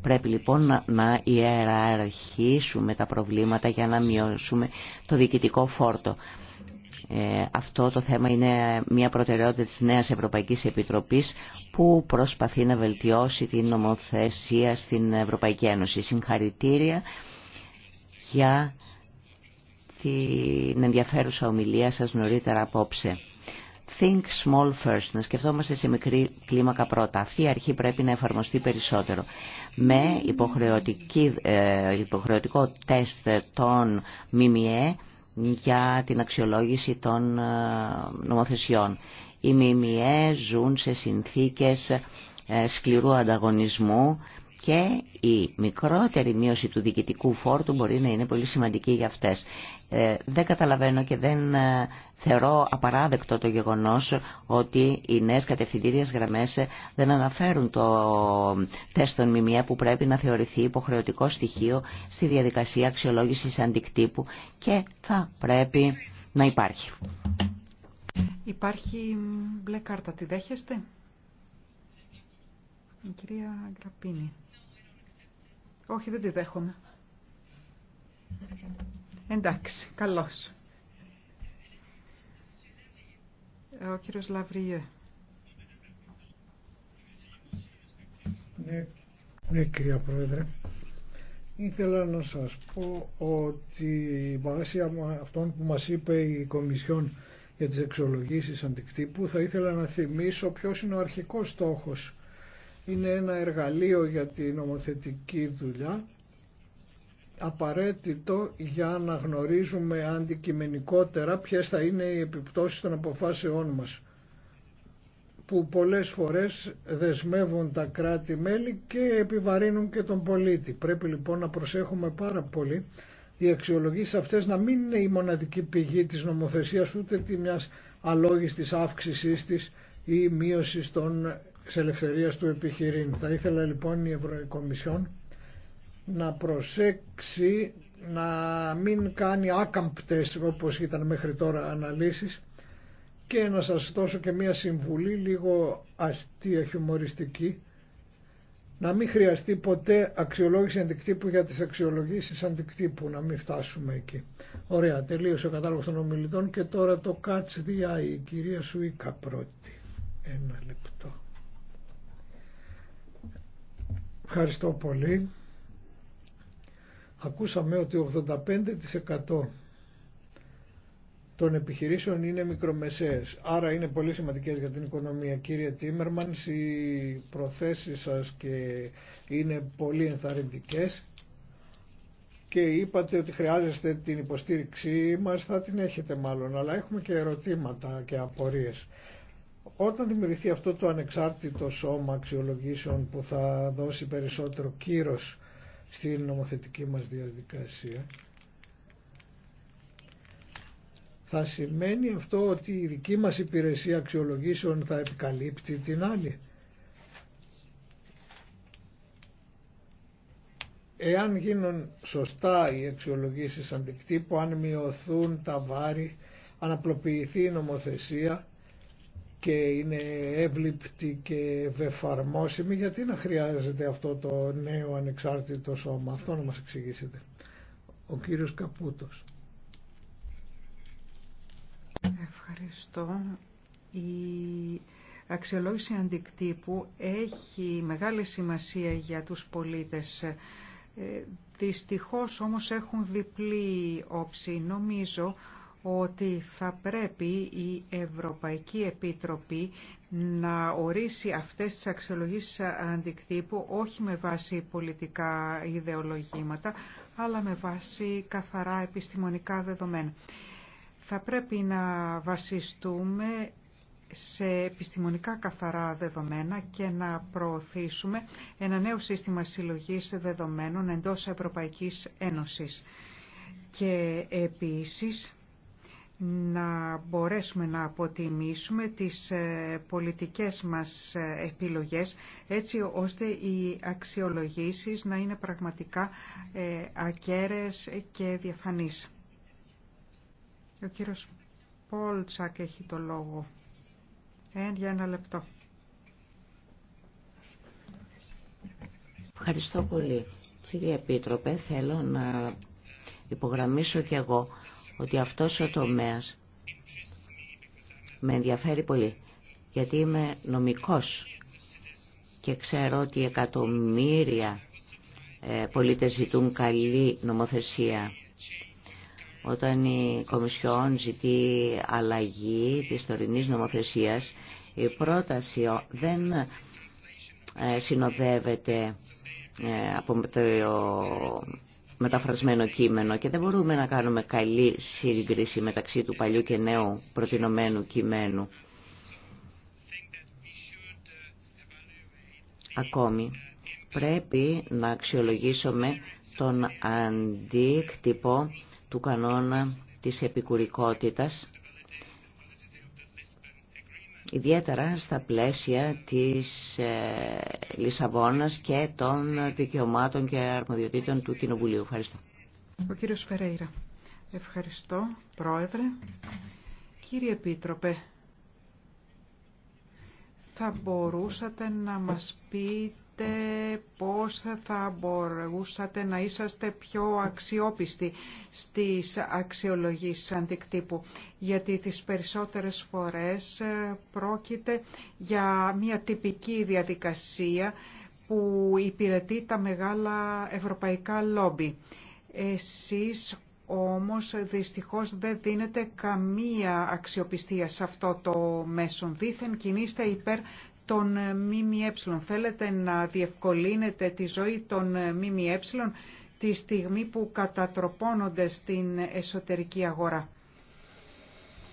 Πρέπει λοιπόν να, να ιεραρχήσουμε τα προβλήματα για να μειώσουμε το διοικητικό φόρτο. Ε, αυτό το θέμα είναι μια προτεραιότητα της νέας Ευρωπαϊκής Επιτροπής που προσπαθεί να βελτιώσει την νομοθεσία στην Ευρωπαϊκή Ένωση. Συγχαρητήρια για την ενδιαφέρουσα ομιλία σας νωρίτερα απόψε. Think small first, να σκεφτόμαστε σε μικρή κλίμακα πρώτα. Αυτή η αρχή πρέπει να εφαρμοστεί περισσότερο. Με ε, υποχρεωτικό τεστ των ΜΜΕ για την αξιολόγηση των ε, νομοθεσιών. Οι ΜΜΕ ζουν σε συνθήκες ε, σκληρού ανταγωνισμού και η μικρότερη μείωση του διοικητικού φόρτου μπορεί να είναι πολύ σημαντική για αυτές. Ε, δεν καταλαβαίνω και δεν ε, θεωρώ απαράδεκτο το γεγονός ότι οι νέες κατευθυντήριες γραμμές ε, δεν αναφέρουν το τεστ των που πρέπει να θεωρηθεί υποχρεωτικό στοιχείο στη διαδικασία αξιολόγησης αντικτύπου και θα πρέπει να υπάρχει. Υπάρχει μπλε κάρτα, τη δέχεστε? Η κυρία Γκραπίνη. Όχι, δεν τη δέχομαι. Εντάξει, καλώς. Ο κύριος Λαβριέ. Ναι, ναι κυρία Πρόεδρε. Ήθελα να σας πω ότι βάσει αυτών που μας είπε η Κομισιόν για τις εξολογήσεις αντικτύπου θα ήθελα να θυμίσω ποιος είναι ο αρχικός στόχος είναι ένα εργαλείο για τη νομοθετική δουλειά απαραίτητο για να γνωρίζουμε αντικειμενικότερα ποιες θα είναι οι επιπτώσεις των αποφάσεών μας που πολλές φορές δεσμεύουν τα κράτη-μέλη και επιβαρύνουν και τον πολίτη. Πρέπει λοιπόν να προσέχουμε πάρα πολύ οι αξιολογήσεις αυτές να μην είναι η μοναδική πηγή της νομοθεσίας ούτε τη μιας αλόγης της αύξησής της ή μείωση των της ελευθερίας του επιχειρήν. Θα ήθελα λοιπόν η Ευρωκομισιόν να προσέξει να μην κάνει άκαμπτες όπως ήταν μέχρι τώρα αναλύσεις και να σας δώσω και μία συμβουλή λίγο αστεία χιουμοριστική να μην χρειαστεί ποτέ αξιολόγηση αντικτύπου για τις αξιολογήσεις αντικτύπου, να μην φτάσουμε εκεί. Ωραία, τελείωσε ο κατάλογος των ομιλητών και τώρα το Catch διά η κυρία Σουίκα πρώτη. Ένα λεπτό. Ευχαριστώ πολύ. Ακούσαμε ότι 85% των επιχειρήσεων είναι μικρομεσαίες. Άρα είναι πολύ σημαντικές για την οικονομία. Κύριε Τίμερμαν, οι προθέσεις σας και είναι πολύ ενθαρρυντικές και είπατε ότι χρειάζεστε την υποστήριξή μας, θα την έχετε μάλλον, αλλά έχουμε και ερωτήματα και απορίες όταν δημιουργηθεί αυτό το ανεξάρτητο σώμα αξιολογήσεων που θα δώσει περισσότερο κύρος στην νομοθετική μας διαδικασία θα σημαίνει αυτό ότι η δική μας υπηρεσία αξιολογήσεων θα επικαλύπτει την άλλη. Εάν γίνουν σωστά οι αξιολογήσεις αντικτύπου, αν μειωθούν τα βάρη, αν απλοποιηθεί η νομοθεσία, και είναι εύληπτη και ευεφαρμόσιμη, γιατί να χρειάζεται αυτό το νέο ανεξάρτητο σώμα. Αυτό να μας εξηγήσετε. Ο κύριος Καπούτος. Ευχαριστώ. Η αξιολόγηση αντικτύπου έχει μεγάλη σημασία για τους πολίτες. Ε, δυστυχώς όμως έχουν διπλή όψη. Νομίζω ότι θα πρέπει η Ευρωπαϊκή Επίτροπη να ορίσει αυτές τις αξιολογήσεις αντικτύπου όχι με βάση πολιτικά ιδεολογήματα, αλλά με βάση καθαρά επιστημονικά δεδομένα. Θα πρέπει να βασιστούμε σε επιστημονικά καθαρά δεδομένα και να προωθήσουμε ένα νέο σύστημα συλλογής δεδομένων εντός Ευρωπαϊκής Ένωσης. Και επίσης να μπορέσουμε να αποτιμήσουμε τις ε, πολιτικές μας ε, επιλογές έτσι ώστε οι αξιολογήσεις να είναι πραγματικά ε, ακέραιες και διαφανείς. Ο κύριος Πόλτσακ έχει το λόγο. Εν, για ένα λεπτό. Ευχαριστώ πολύ. Κύριε Επίτροπε, θέλω να υπογραμμίσω και εγώ ότι αυτός ο τομέας με ενδιαφέρει πολύ, γιατί είμαι νομικός και ξέρω ότι εκατομμύρια ε, πολίτες ζητούν καλή νομοθεσία. Όταν η Κομισιόν ζητεί αλλαγή της τωρινής νομοθεσίας, η πρόταση δεν ε, συνοδεύεται ε, από το μεταφρασμένο κείμενο και δεν μπορούμε να κάνουμε καλή σύγκριση μεταξύ του παλιού και νέου προτινωμένου κειμένου. Ακόμη, πρέπει να αξιολογήσουμε τον αντίκτυπο του κανόνα της επικουρικότητας ιδιαίτερα στα πλαίσια της ε, Λισαβόνας και των δικαιωμάτων και αρμοδιοτήτων του Κοινοβουλίου. Ευχαριστώ. Ο κύριος Φερέιρα. Ευχαριστώ, Πρόεδρε. Κύριε Επίτροπε, θα μπορούσατε να μας πείτε πώς θα μπορούσατε να είσαστε πιο αξιόπιστοι στις αξιολογήσεις αντικτύπου. Γιατί τις περισσότερες φορές ε, πρόκειται για μια τυπική διαδικασία που υπηρετεί τα μεγάλα ευρωπαϊκά λόμπι. Εσείς όμως δυστυχώς δεν δίνετε καμία αξιοπιστία σε αυτό το μέσον. Δήθεν κινείστε υπέρ των ΜΜΕ. Θέλετε να διευκολύνετε τη ζωή των ΜΜΕ τη στιγμή που κατατροπώνονται στην εσωτερική αγορά.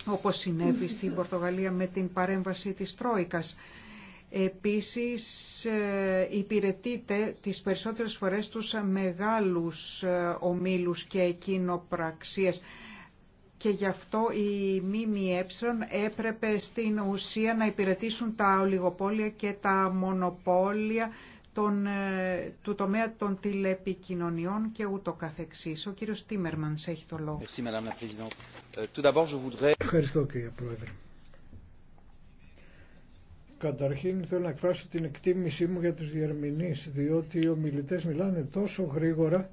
Όπως συνέβη στην Πορτογαλία με την παρέμβαση της Τρόικας. Επίσης ε, υπηρετείτε τις περισσότερες φορές τους μεγάλους ε, ομίλους και εκείνο κοινοπραξίες και γι' αυτό οι ΜΜΕ έπρεπε στην ουσία να υπηρετήσουν τα ολιγοπόλια και τα μονοπόλια ε, του τομέα των τηλεπικοινωνιών και ούτω καθεξής. Ο κύριος Τίμερμανς έχει το λόγο. Ε, Ευχαριστώ κύριε Πρόεδρε. Καταρχήν θέλω να εκφράσω την εκτίμησή μου για τους διερμηνείς, διότι οι ομιλητές μιλάνε τόσο γρήγορα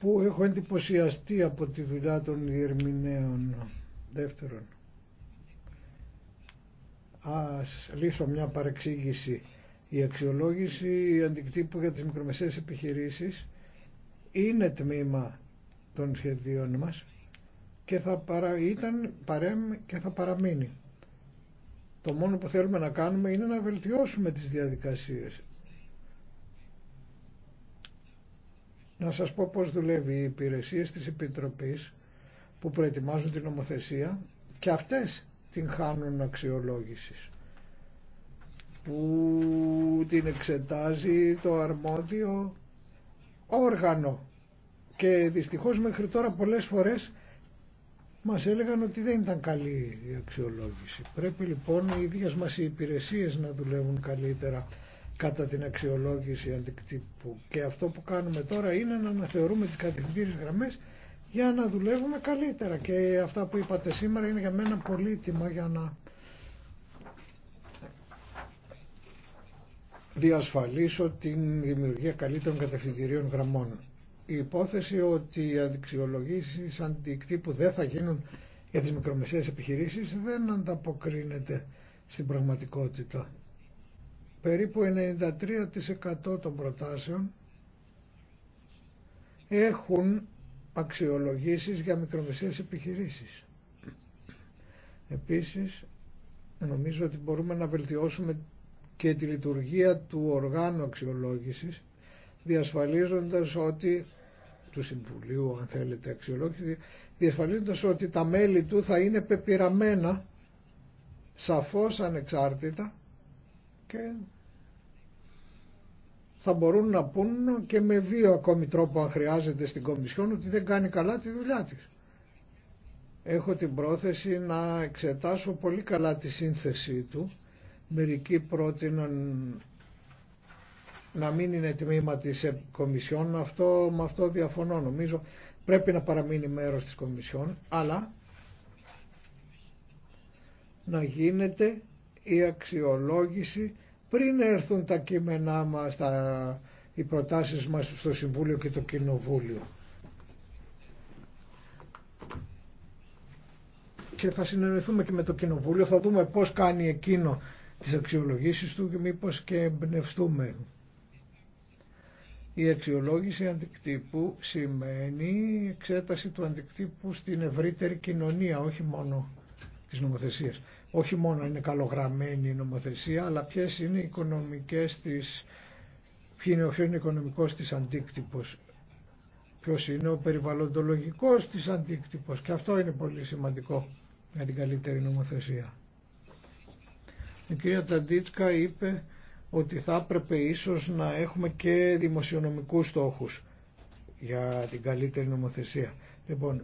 που έχω εντυπωσιαστεί από τη δουλειά των διερμηνέων. Δεύτερον, ας λύσω μια παρεξήγηση. Η αξιολόγηση αντικτύπου για τις μικρομεσαίες επιχειρήσεις είναι τμήμα των σχεδίων μας και θα παρα... ήταν παρέμ και θα παραμείνει. Το μόνο που θέλουμε να κάνουμε είναι να βελτιώσουμε τις διαδικασίες. Να σας πω πώς δουλεύει η υπηρεσία της Επιτροπής που προετοιμάζουν την νομοθεσία και αυτές την χάνουν αξιολόγησης που την εξετάζει το αρμόδιο όργανο και δυστυχώς μέχρι τώρα πολλές φορές μας έλεγαν ότι δεν ήταν καλή η αξιολόγηση. Πρέπει λοιπόν οι ίδιες μας οι υπηρεσίες να δουλεύουν καλύτερα κατά την αξιολόγηση αντικτύπου. Και αυτό που κάνουμε τώρα είναι να αναθεωρούμε τις κατευθυντήριες γραμμές για να δουλεύουμε καλύτερα. Και αυτά που είπατε σήμερα είναι για μένα πολύτιμα για να διασφαλίσω την δημιουργία καλύτερων κατευθυντηρίων γραμμών. Η υπόθεση ότι οι αντιξιολογήσεις αντικτύπου δεν θα γίνουν για τις μικρομεσαίες επιχειρήσεις δεν ανταποκρίνεται στην πραγματικότητα περίπου 93% των προτάσεων έχουν αξιολογήσεις για μικρομεσαίες επιχειρήσεις. Επίσης, νομίζω ότι μπορούμε να βελτιώσουμε και τη λειτουργία του οργάνου αξιολόγησης, διασφαλίζοντας ότι του Συμβουλίου, αν θέλετε, αξιολόγηση, διασφαλίζοντας ότι τα μέλη του θα είναι πεπειραμένα, σαφώς ανεξάρτητα και θα μπορούν να πούν και με βίο ακόμη τρόπο αν χρειάζεται στην Κομισιόν ότι δεν κάνει καλά τη δουλειά της. Έχω την πρόθεση να εξετάσω πολύ καλά τη σύνθεση του. Μερικοί πρότειναν να μην είναι τμήμα της ε Κομισιόν. Αυτό, με αυτό διαφωνώ νομίζω. Πρέπει να παραμείνει μέρος της Κομισιόν, αλλά να γίνεται η αξιολόγηση πριν έρθουν τα κείμενά μας, τα, οι προτάσεις μας στο Συμβούλιο και το Κοινοβούλιο. Και θα συνεννοηθούμε και με το Κοινοβούλιο, θα δούμε πώς κάνει εκείνο τις αξιολογήσεις του και μήπως και εμπνευστούμε. Η αξιολόγηση αντικτύπου σημαίνει εξέταση του αντικτύπου στην ευρύτερη κοινωνία, όχι μόνο της νομοθεσίας όχι μόνο είναι καλογραμμένη η νομοθεσία, αλλά ποιε είναι οι οικονομικές της, ποιος είναι ο οικονομικός της αντίκτυπος, ποιος είναι ο περιβαλλοντολογικός τη αντίκτυπο. και αυτό είναι πολύ σημαντικό για την καλύτερη νομοθεσία. Η κυρία Ταντίτσκα είπε ότι θα έπρεπε ίσως να έχουμε και δημοσιονομικούς στόχους για την καλύτερη νομοθεσία. Λοιπόν,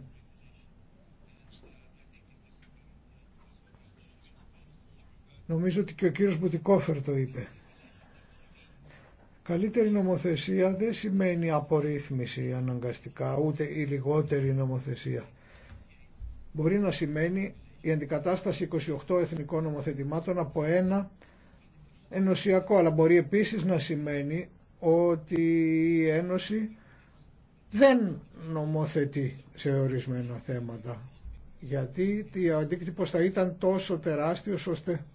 Νομίζω ότι και ο κύριος Μπουτικόφερ το είπε. Καλύτερη νομοθεσία δεν σημαίνει απορρίθμιση αναγκαστικά, ούτε η λιγότερη νομοθεσία. Μπορεί να σημαίνει η αντικατάσταση 28 εθνικών νομοθετημάτων από ένα ενωσιακό, αλλά μπορεί επίσης να σημαίνει ότι η Ένωση δεν νομοθετεί σε ορισμένα θέματα, γιατί ο αντίκτυπος θα ήταν τόσο τεράστιος ώστε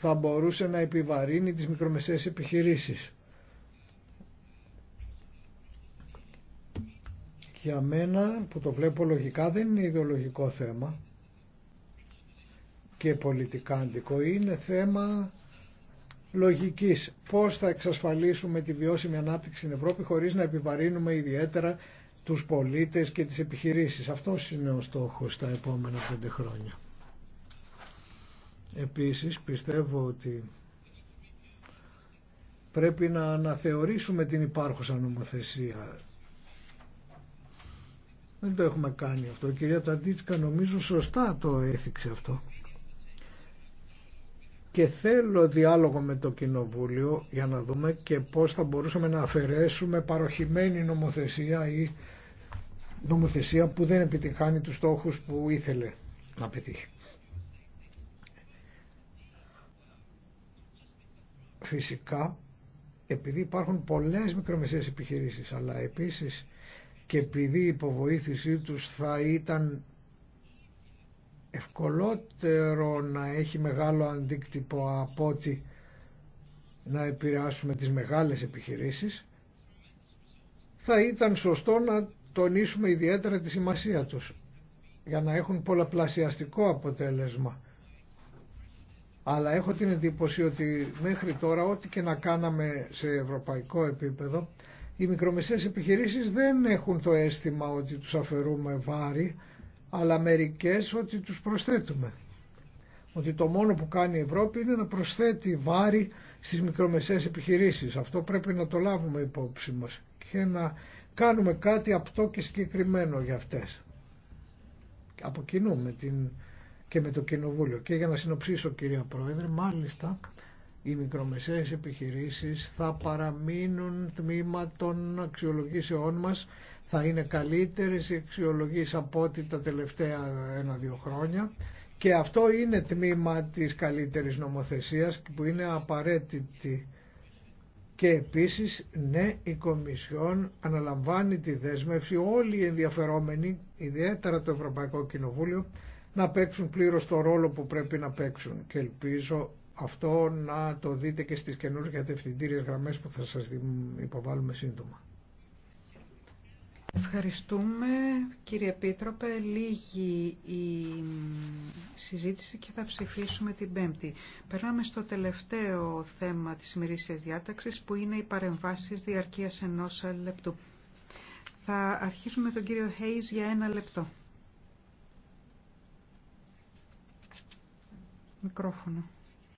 θα μπορούσε να επιβαρύνει τις μικρομεσαίες επιχειρήσεις. Για μένα που το βλέπω λογικά δεν είναι ιδεολογικό θέμα και πολιτικά αντικό, είναι θέμα λογικής. Πώς θα εξασφαλίσουμε τη βιώσιμη ανάπτυξη στην Ευρώπη χωρίς να επιβαρύνουμε ιδιαίτερα τους πολίτες και τις επιχειρήσεις. Αυτός είναι ο στόχος τα επόμενα πέντε χρόνια. Επίσης πιστεύω ότι πρέπει να αναθεωρήσουμε την υπάρχουσα νομοθεσία. Δεν το έχουμε κάνει αυτό. Η κυρία Ταντίτσκα νομίζω σωστά το έθιξε αυτό. Και θέλω διάλογο με το Κοινοβούλιο για να δούμε και πώς θα μπορούσαμε να αφαιρέσουμε παροχημένη νομοθεσία ή νομοθεσία που δεν επιτυχάνει τους στόχους που ήθελε να πετύχει. φυσικά επειδή υπάρχουν πολλές μικρομεσαίες επιχειρήσεις αλλά επίσης και επειδή η υποβοήθησή τους θα ήταν ευκολότερο να έχει μεγάλο αντίκτυπο από ότι να επηρεάσουμε τις μεγάλες επιχειρήσεις θα ήταν σωστό να τονίσουμε ιδιαίτερα τη σημασία τους για να έχουν πολλαπλασιαστικό αποτέλεσμα αλλά έχω την εντύπωση ότι μέχρι τώρα ό,τι και να κάναμε σε ευρωπαϊκό επίπεδο οι μικρομεσαίες επιχειρήσεις δεν έχουν το αίσθημα ότι τους αφαιρούμε βάρη αλλά μερικές ότι τους προσθέτουμε. Ότι το μόνο που κάνει η Ευρώπη είναι να προσθέτει βάρη στις μικρομεσαίες επιχειρήσεις. Αυτό πρέπει να το λάβουμε υπόψη μας και να κάνουμε κάτι απτό και συγκεκριμένο για αυτές. Αποκινούμε την και με το Κοινοβούλιο. Και για να συνοψίσω κυρία Πρόεδρε, μάλιστα οι μικρομεσαίες επιχειρήσεις θα παραμείνουν τμήμα των αξιολογήσεών μας, θα είναι καλύτερες οι αξιολογήσεις από ό,τι τα τελευταία ένα-δύο χρόνια και αυτό είναι τμήμα της καλύτερης νομοθεσίας που είναι απαραίτητη. Και επίσης, ναι, η Κομισιόν αναλαμβάνει τη δέσμευση όλοι οι ενδιαφερόμενοι, ιδιαίτερα το Ευρωπαϊκό Κοινοβούλιο, να παίξουν πλήρως το ρόλο που πρέπει να παίξουν και ελπίζω αυτό να το δείτε και στις καινούργιες διευθυντήριες γραμμές που θα σας υποβάλουμε σύντομα. Ευχαριστούμε κύριε πίτροπε. Λίγη η συζήτηση και θα ψηφίσουμε την Πέμπτη. Περνάμε στο τελευταίο θέμα της ημερήσιας διάταξης που είναι οι παρεμβάσεις διαρκείας ενός λεπτού. Θα αρχίσουμε με τον κύριο Χέις για ένα λεπτό. Μικρόφωνο.